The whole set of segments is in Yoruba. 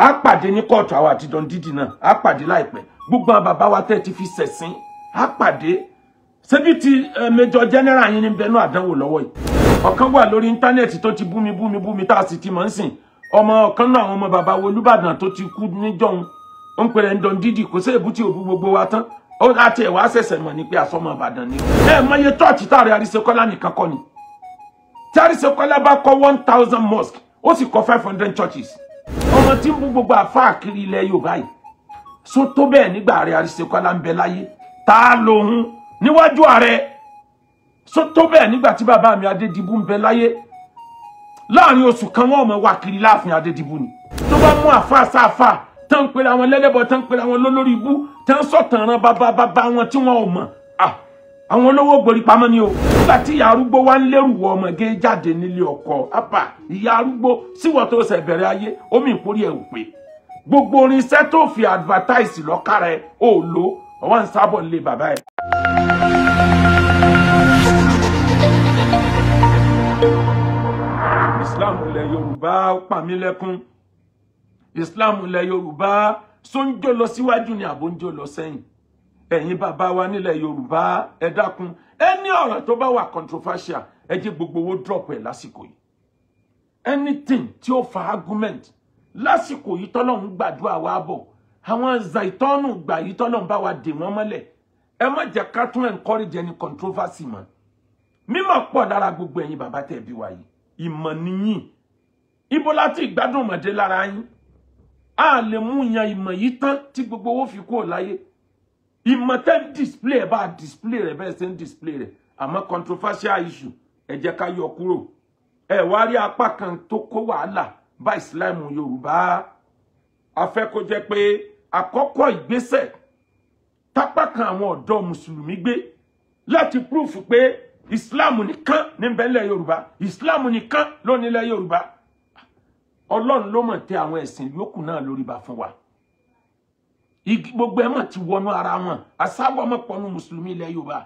a pàdé ní kóòtù àwọn àti Don Didi náà a pàdé láìpẹ́ gbogbo àwọn bàbá wa tẹ́ ti fi ṣẹ̀sìn a pàdé ṣebí ti eh, Major General yín ní bẹnu àdánwò lọ́wọ́ yìí ọ̀kan wà lórí íńtánẹ́ẹ̀tì tó ti búmi búmi búmi tá a sì ti mọ̀ ń sìn ọmọ ọ̀kan náà àwọn ọmọ bàbá wo Olúbàdàn tó ti kú níjọ́hun ó ń pèrè ń Don Didi kò sí èbúté òbú gbogbo wa tán ó láti ẹ̀wà ṣẹ̀ṣẹ̀ mọ̀ ní pé àsọmọ Ìbàdàn ni ẹ mọye tọ́ọ̀tì táàrí Àríṣekọ́lá nìkan kọ́ ni tí Àríṣekọ́lá bá kọ́ one thousand mosque ó sì kọ́ five hundred churches ọmọ tí ń bú gbogbo àfáà kiri ilẹ̀ yorùbá yìí so tó bẹ́ẹ̀ nígbà ààrẹ àrísẹ́kọ́lá ń bẹ láyé ta lòun níwájú ààrẹ so tó bẹ́ẹ̀ nígbà tí bàbá mi adédìbú ń bẹ láyé láàrin oṣù kan wọn ọmọ wa kiri láàfin adédìbú ni tó bá mú àfáà sáfà tán ń pera wọn lẹ́lẹ́bọ̀ tán ń pera wọn lólórí ibú tán ń sọ̀tàn ran bàbá bàbá wọn tí wọn ò mọ̀ ah àwọn olówó gbòrí pamọ́ ni o nígbà tí ìyá arúgbó wá ń lérò wọ ọmọge jáde nílé ọkọ apá ìyá arúgbó síwọ tó ṣe bẹ̀rẹ̀ ayé omi ìkórè ẹ ò pé gbogbo irinṣẹ́ tó fi advertise lọkàrà ẹ ò lo ọwọ ń sábọ nílé bàbá ẹ. islam ilẹ̀ yorùbá pàmílẹ́kún islam ilẹ̀ yorùbá sóńjó lọ síwájú ni àbóńjó lọ sẹ́yìn ẹ̀yin bàbá wa nílẹ̀ Yorùbá ẹ dákun ẹni ọ̀rọ̀ tó bá wà controversial ẹ jẹ́ gbogbo owó drop ẹ̀ lásìkò yìí anything tí ó fa argument lásìkò yìí tọ́lọ́run gbàdúrà wa bọ̀ àwọn zaitọ́nù gbà yìí tọ́lọ́run bá wa dè wọ́n mọ́lẹ̀ ẹ má jẹ́ ká tún encourage ẹni controversy mọ́ mímọ̀ pọ̀ lára gbogbo ẹ̀yin bàbá tẹ̀ bí wa yìí ìmọ̀ nìyín ibo láti ìgbádùn mọ̀dé lára yín a lè mú yan ìmọ̀ yìí tán tí gbogbo owó fi kúrò láyé ìmọ̀ tẹ́ display ẹ̀ display rẹ̀ bẹ́ẹ̀ ṣe display rẹ̀ àmọ́ controversial issue ẹ jẹ́ ká yọ kúrò ẹ wá rí apá kan tó kó wàhálà bá ìsìláìmù yorùbá a fẹ́ kó jẹ́ pé àkọ́kọ́ ìgbésẹ̀ tápá kan àwọn ọ̀dọ́ mùsùlùmí gbé láti proof pé ìsìláàmù nìkan ní bẹ́lẹ̀ yorùbá ìsìláàmù nìkan ló nílẹ̀ yorùbá ọlọ́run ló mọ̀ tẹ àwọn ẹ̀sìn yòókù náà lórí bá fún wa igi gbogbo ẹ mọ̀ ti wọnú ara wọn asáwọ̀ mọ̀ pọ̀nù mùsùlùmí ilẹ̀ yorùbá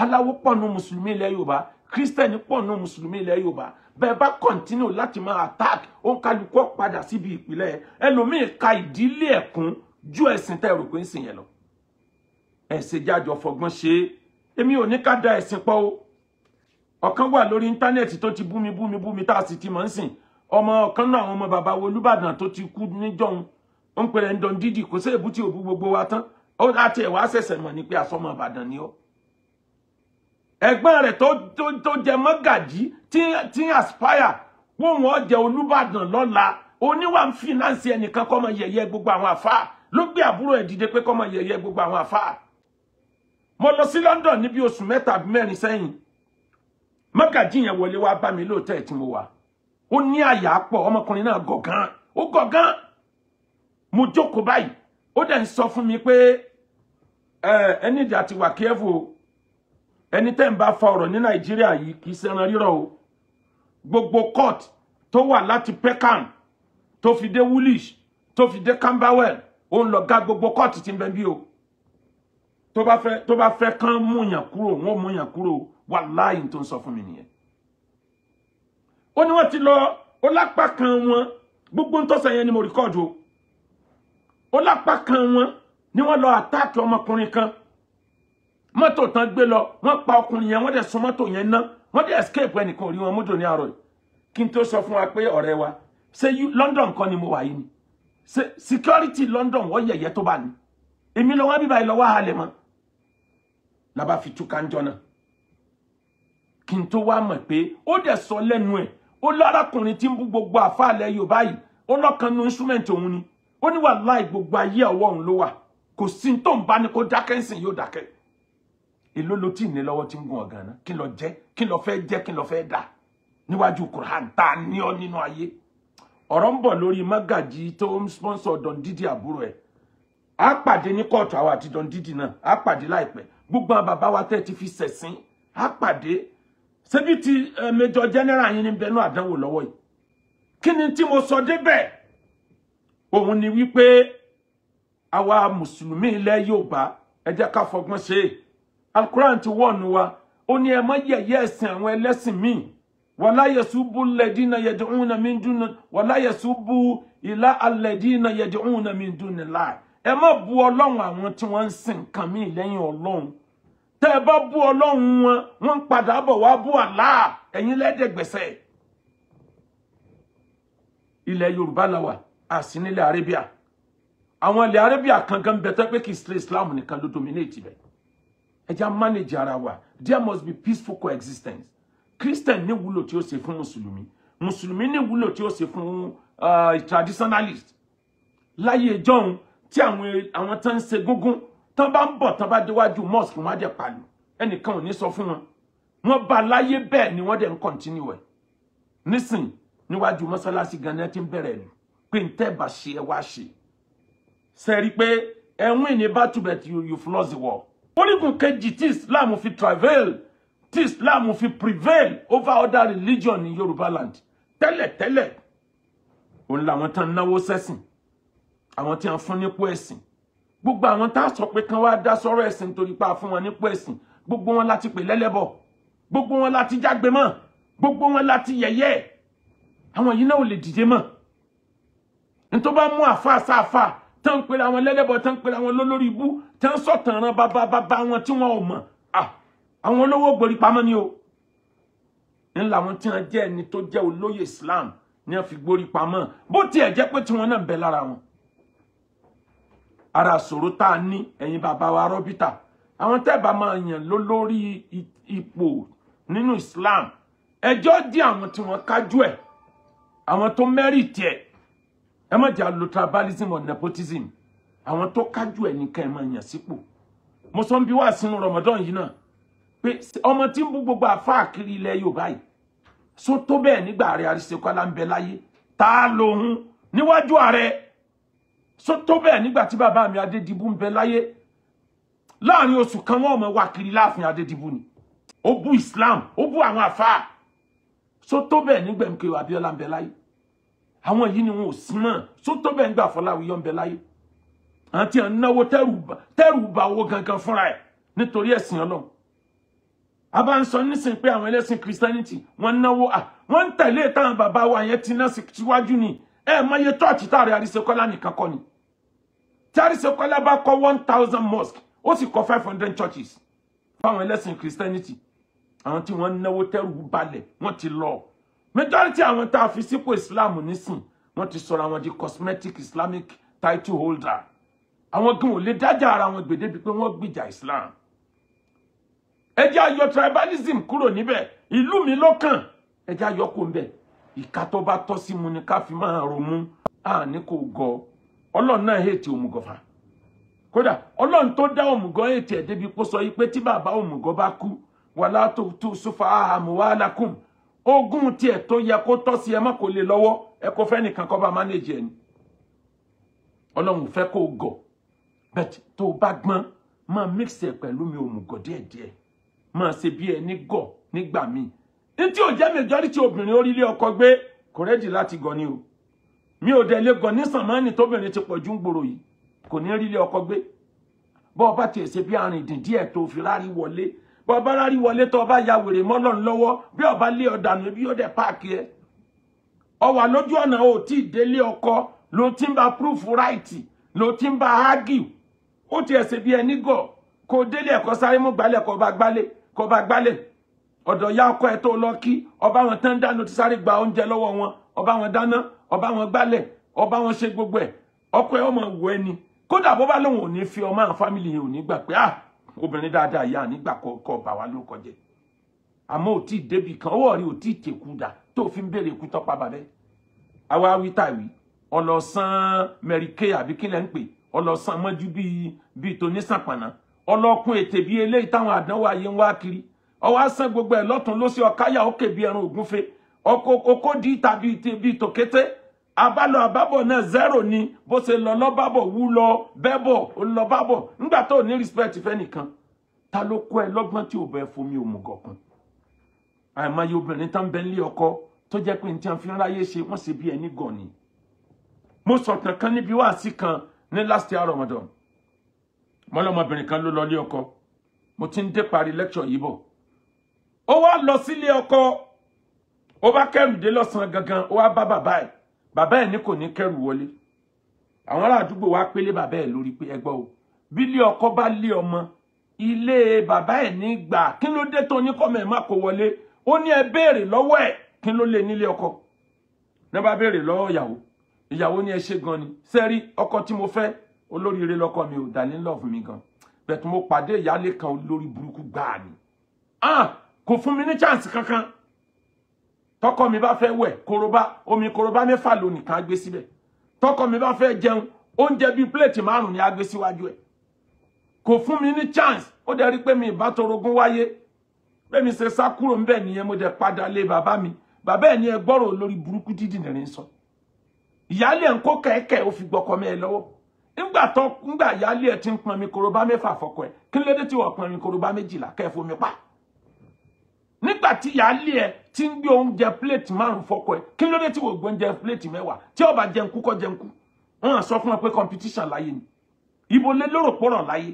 aláwo pọ̀nù mùsùlùmí ilẹ̀ yorùbá kírísítẹ̀nì pọ̀nù mùsùlùmí ilẹ̀ yorùbá bẹ́ẹ̀ bá kọ̀ntínú láti máa attack òǹkàlùkù padà síbi ìpìlẹ̀ ẹlòmíì ka ìdílé ẹ̀kún ju ẹ̀sìn tẹ́ rò pé ń sìn yẹn lọ ẹ̀sìn jájọ fọgbọ́n ṣe é èmi ò ní ká da ẹ̀sìn pọ̀ o ọ̀kan wà lórí íńtánẹ́ẹ̀tì tó ti búmi búmi búmi tá a sì ti mọ̀ ń sìn ọmọ ọ̀kan náà àwọn ọmọ bàbá wo olúbàdàn tó ti kú níjọ́un ń pèrè ń dán dídì kò sí èbú tí òbú gbogbo wa tán ó láti ẹ̀wà ṣẹ̀ṣẹ̀ mọ̀ ní pé àsọmọ Ìbàdàn ni ó ẹ̀gbọ́n rẹ̀ tó jẹ mọ́gàjí tí aspire wọ́n wọ́n jẹ Olúbàdàn lọ́la oníwà ń fìnáǹsì ẹnìkan kọ́mọ yẹ̀yẹ́ gbogbo àwọn àfáà ló gbé àbúrò ẹ̀ dìde pé kọ́mọ yẹ̀yẹ́ gbogbo àwọn àfáà mo lọ sí London níbi oṣù mẹ́ta àbí mẹ́rin sẹ́yìn mọ́gàjí yẹn wọlé wá bá mi lóòótọ́ ẹ̀ tí mo wà ó ní àyà pọ̀ ọmọkùnrin náà gọ̀gán ó gọ̀gán mo jókòó báyìí ó dẹ̀ ń sọ fún mi pé ẹni ìdí àti wà kẹ́ẹ̀fù ẹni tẹ́ ń bá fa ọ̀rọ̀ ní nàìjíríà yìí kì í ṣẹran rírọ̀ o gbogbo court tó wà láti peckham tó fi dé woolwich tó fi dé camberwell ó ń lọ ga gbogbo court tí ń bẹ o tó bá fẹ́ tó bá fẹ́ kán múyàn kúrò wọ́n múyàn kúrò wàláhì tó ń sọ fún mi nìyẹn ó ní ti lọ ó lápá kan wọn gbogbo ń tọ́sẹ̀ yẹn ni mo rìkọ́ọ̀dù o ó lápá kan wọn ni wọ́n lọ àtáàkì ọmọkùnrin kan mọ́tò tán gbé lọ wọ́n pa ọkùnrin yẹn wọ́n dẹ̀ sọ mọ́tò yẹn ná wọ́n dẹ̀ escape ẹnìkan ò rí wọn mọ́tò ní àárọ̀ yìí kí n tó wa pé ọ̀rẹ́ wa ṣé London kọ́ ni mo wà yìí ni ṣe security London wọ́n yẹ̀yẹ́ tó bá ní èmi lọ́wọ́ bíbá yìí lọ́wọ́ halẹ̀ mọ́ làbá fi túká ń jọ́nà kí n tó wá mọ̀ pé ó dẹ̀ sọ lẹ́nu ẹ̀ ó lárakùnrin tí ń bú gbogbo àfáàlẹ̀ Yorùbá yìí ó instrument òun ni ó ní wàláhì gbogbo ayé ọwọ́ òun ló wà kò sí tó ń bá ní kó dákẹ́ ń sìn yóò dákẹ́ èló ló tí ì ní lọ́wọ́ tí ń gun ọ̀gàn náà kí lọ jẹ́ kí lọ fẹ́ jẹ́ kí lọ fẹ́ dà níwájú Quran tá ní ọ nínú ayé ọ̀rọ̀ ń bọ̀ lórí mágàjì tó ń sponsor Don Didi àbúrò ẹ̀ á pàdé ní kóòtù àwọn àti Don Didi náà á pàdé láìpẹ́ gbogbo àwọn bàbá wa tẹ́ ti fi ṣẹ̀sìn á pàdé ṣebí ti eh, Major General yín ní bẹnu àdánwò lọ́wọ́ yìí kí ni tí mo sọ débẹ̀ òun ni wípé àwa mùsùlùmí ilẹ̀ yorùbá ẹ jẹ́ ká fọgbọ́n ṣe alukuran ti wọ̀nù wa ó ní ẹ má yẹ̀yẹ́ ẹ̀sìn àwọn ẹlẹ́sìn míì wàlá yẹ̀sùbù lẹ́dínà yẹ̀dùnúnà mí dùnà wàlá yẹ̀sùbù ìlà alẹ́dínà yẹ̀dùnúnà mí dùnà láì ẹ má bu ọlọ́run àwọn tí wọ́n ń sìn nǹkan míì lẹ́yìn ọlọ́run tẹ́ ẹ bá bú ọlọ́run wọn wọ́n ń padà bọ̀ wá bú Allah ẹ̀yin lẹ́dẹ̀gbẹ̀sẹ̀ ilẹ̀ yorùbá la àsí nílẹ̀ Arabia àwọn ilẹ̀ Arabia kankan bẹ tẹ́ pé kì í ṣe Islam nìkan ló dominate ibẹ̀ ẹ manage ara wa there must be peaceful coexistence Christian ní wúlò tí ó ṣe fún mùsùlùmí mùsùlùmí ní wúlò tí ó ṣe fún uh, traditionalist láyé ìjọ́un tí àwọn tán ń ṣe gúngún tán bá ń bọ̀ tán bá déwájú mosque wọn á dẹ̀ pàlù ẹnìkan ò ní sọ fún wọn wọ́n bá láyé bẹ́ẹ̀ ni wọ́n dẹ̀ ń continue ẹ̀ nísìn níwájú mọ́sálásí gan-an ti ń bẹ̀rẹ̀ lù pé n tẹ́ bá ṣe ẹ wá ṣe ṣe rí pé battle but you you've lost the war. Only orígun kejì tí islam fi travel tí islam fi prevail over other religion in yorùbá land tẹ́lẹ̀tẹ́lẹ̀ òun làwọn tán náwó sẹ́sìn àwọn tí wọ́n fún nípò ẹ̀sìn gbogbo àwọn tá a sọ pé kán wá dá sọ̀rọ̀ ẹ̀sìn nítorí pa fún wọn nípò ẹ̀sìn gbogbo wọn láti pè lẹ́lẹ́bọ̀ gbogbo wọn láti jágbe mọ́ gbogbo wọn láti yẹ̀yẹ́ àwọn yìí náà ò lè dìde mọ́ n tó bá mú àfa sáfà tán pera wọn lẹ́lẹ́bọ tán pera wọn lólórí ibú tán sọ̀tànràn bàbá bàbá wọn tí mo ò mọ̀ àwọn olówó gborí pamọ́ ni o ń làwọn tí wọn jẹ́ ẹni tó jẹ́ olóyè Islam ni wọn fi gborí pamọ́ bó tiẹ̀ jẹ́ pé tiwọn náà bẹ lára wọn ara sòrò tá a ní ẹ̀yin bàbá wa rọ́bítà àwọn tẹ́ẹ̀bà máa yàn lólórí ipò nínú Islam ejo dí àwọn tí wọ́n kájú ẹ̀ àwọn tó mẹ́rìtì ẹ̀ ẹ má jà lo tribalism or nepotism àwọn tó kájú ẹ nìkan ẹ máa yàn mo sọ ń bi wá Ramadan yìí náà pé ọmọ tí ń gbogbo àfáà kiri ilẹ̀ Yorùbá yìí so tó bẹ́ẹ̀ nígbà ààrẹ Àríṣekọ́lá ń bẹ láyé ta lòun níwájú ààrẹ so tó bẹ́ẹ̀ nígbà tí bàbá mi Adédìbú ń bẹ láyé láàrin oṣù kan wọn ọmọ wa kiri láàfin Adédìbú ni ó bú Islam ó bú àwọn àfáà so tó bẹ́ẹ̀ nígbà MKO Abíọ́lá ń bẹ láyé àwọn yìí ni wọn ò sí mọ́ sótó bẹ́ẹ̀ ń gbà Fọláwíyọ ń bẹ láyé àti à ń náwó tẹ́rù bá owó gangan fúnra ẹ̀ nítorí ẹ̀sìn ọlọ́run a bá ń sọ nísìn pé àwọn ẹlẹ́sìn Christianity wọ́n náwó à wọ́n ń tẹ̀lé táwọn bàbá wa yẹn ti ná síwájú ni ẹ mọye tọ́ọ̀tì táàrí Àríṣekọ́lá nìkan kọ́ ni tí Àríṣekọ́lá bá kọ́ one thousand mosque ó sì kọ́ five hundred churches fáwọn ẹlẹ́sìn Christianity àwọn tí wọ́n náwó tẹ́rù balẹ̀ wọ́n ti lọ majority àwọn tá a fi sípò islam nísìn wọ́n ti sọra wọn di cosmetic islamic title holder àwọn gan ò lè dájà ara wọn gbèdébi pé wọ́n gbìjà islam ẹ jẹ́ a tribalism kúrò níbẹ̀ ìlú mi lọ́kàn ẹ jẹ́ a yọ kó ńbẹ̀ ìka tó bá tọ́ sí mu ni ká fi máa romú àní kò gọ ọlọ́run náà hètì òmùgọ̀fà kódà ọlọ́run tó dá òmùgọ̀ hètì ẹ̀ débi pé sọ yìí pé tí bàbá òmùgọ̀ bá kú wàlá tó tó sófà àmúwálákùn ogún tiẹ̀ tó yẹ kó tọ́ sí ẹ má kó lè lọ́wọ́ ẹ kó fẹ́ nìkan kó bá manage ẹ ni ọlọ́run fẹ́ kó gọ̀ bẹ́ẹ̀ tó bá gbọ́n máa mix ẹ pẹ̀lú mi òmùgọ̀ díẹ̀díẹ̀ máa ṣe bí ẹni gọ̀ nígbà míì ní tí ò jẹ́ majority obìnrin orílẹ̀ ọkọ gbé kò rẹ́dì láti gọ̀ ni o mi ò dẹ̀ lè gọ̀ nísàn máa ń ní tóbìnrin ti pọ̀ jù ń gbòòrò yìí kò ní rílé ọkọ gbé bọ́ ọ bá tiẹ̀ ṣe bí arìndìn díẹ̀ tó fi rárí wọlé bọba rárí wọlé tó ọba ya wèrè mọ́ lọ́n lọ́wọ́ bí ọba lé ọ̀dànù bí ó dẹ̀ páàkì ẹ ọwà lójú ọ̀nà ò tí ì délé ọkọ ló ti ń ba proof right ló ti ń ba argue ó ti ẹ̀sẹ̀ bí ẹni gọ̀ kó délé ẹ̀kọ́ sáré mú gbálẹ̀ kó bá gbálẹ̀ kó bá gbálẹ̀ ọ̀dọ̀ ya ọkọ ẹ̀ tó lọ kí ọba wọn tán dáná ti sáré gba oúnjẹ lọ́wọ́ wọn ọba wọn dáná ọba wọn gbálẹ̀ ọba wọn ṣe gbogbo ẹ̀ ọkọ ẹ̀ ọmọ wọ ẹni kódà bó bá lóun ò ní fi ọmọ àwọn fámìlì yẹn ò ní gbà pé ah obìnrin dáadáa yà nígbà kọ́ bà wá ló kọjẹ àmọ́ ò tí ì débì kan ọwọ́ rí ò tí ì tèkú dà tó fi ń béèrè ikú tọ́pa bàbẹ́ àwa wí tàwí ọlọ́sàn Mary Kay àbí kílẹ̀ ń pè ọlọ́sàn mọ́jú bíi bíi tó nísàpànà ọlọ́kun ètè bíi eléyìí táwọn àdánwò ayé ń wá kiri ọwọ́ asán gbogbo ẹ̀ lọ́tún ló ọkáyà ó kè ẹran ògúnfe ọkọ̀ okó dí bíi tòkété Abalo ababo na zero ni bó ṣe lọ lọ́bàbọ̀ wú lọ bẹ́bọ̀ ó lọ bábọ̀ nígbà tó ní respect fẹ́nìkan ta ló kọ́ ẹ lọ́gbọ́n tí ò bẹ́ẹ̀ fún mi òmùgọ̀ kan àìmọye obìnrin tá ń bẹ nílé ọkọ tó jẹ́ pé nǹkan fi ń ráyè ṣe wọ́n ṣe bí ẹni ni mo sọ̀tàn kan níbi wáàsí kan ní last year Ramadan mọ́lọ́mọbìnrin kan ló lọ lé ọkọ mo ti ń dé parí lecture yìí bọ̀ ó wá lọ sílé ọkọ ó bá kẹrù dé lọ́sàn gangan ó wá bá bàbá ẹ̀ Baba ẹ̀ ní kò ní kẹ́rù wọlé àwọn ará wa pélé baba ẹ̀ lórí pé ẹgbọ́ o bí ilé ọkọ bá lé ọmọ ilé bàbá ẹ̀ ní gbà kí ló dé tó ní kọ́mọ ẹ̀ má kó wọlé ó ní ẹ béèrè lọ́wọ́ ẹ̀ kí ló lé nílé ọkọ ní bá béèrè lọ́wọ́ ìyàwó ìyàwó ní ẹ ṣe gan ni sẹ́rí ọkọ tí mo fẹ́ olóríire lọ́kọ mi ò dà ní lọ́ọ̀fù mi gan bẹ̀tù mo pàdé ìyáálé kan olórí burúkú gbáà ni ah! kò fún mi ní chance kankan tọkọ mi bá fẹ́ wẹ̀ koroba omi koroba mefa ló nìkan á gbé síbẹ̀ tọkọ mi bá fẹ́ jẹun oúnjẹ bíi pléètì márùn ni á gbé síwájú ẹ̀ kò fún mi ní chance ó dẹ̀ rí pé mi ìbá torogún wáyé bẹ́ẹ̀ mi ṣe sá kúrò ńbẹ̀ nìyẹn mo de padà lé bàbá mi baba ẹ̀ ni e gbọ́rọ̀ lori buruku didi nìrin sọ ìyáálé ẹ̀ ń kó kẹ̀kẹ́ ó fi gbọkọ mẹ́ ẹ lọ́wọ́ ńgbà tó ńgbà ìyáálé ẹ̀ ti ń mi koroba mefa fọkọ ẹ̀ kí ló dé tí wọ́n pọn mi koroba méjìlá kẹ́ ẹ fomi pa nígbà tí ìyáálé ẹ ti ń gbé oúnjẹ pléètì márùn fọkọ ẹ kí ló dé tí wò gbóúnjẹ pléètì mẹ́wàá tí ó bá kọ jẹun wọn sọ fún ẹ pé competition láyé ni ibo lè lóró pọrọ láyé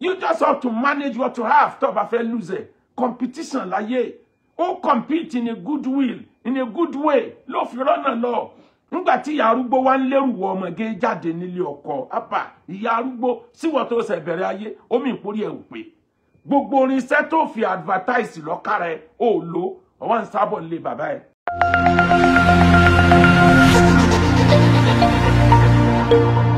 you just have to manage what you have tó bá fẹ́ lose ẹ competition láyé ó compete in a good will in a good way ló fi rọ́nà lọ nígbà tí ìyá arúgbó wá ń lérù wọ ọmọge jáde nílé ọkọ apá ìyá arúgbó síwọ tó ṣe bẹ̀rẹ̀ ayé omi ìpórí ẹ ò pé gbogbo orin iṣẹ́ tó fi advertise lọ́kàrà ẹ̀ ò lo ọwọ́ ń sábọ̀ nílé bàbá ẹ̀. thank you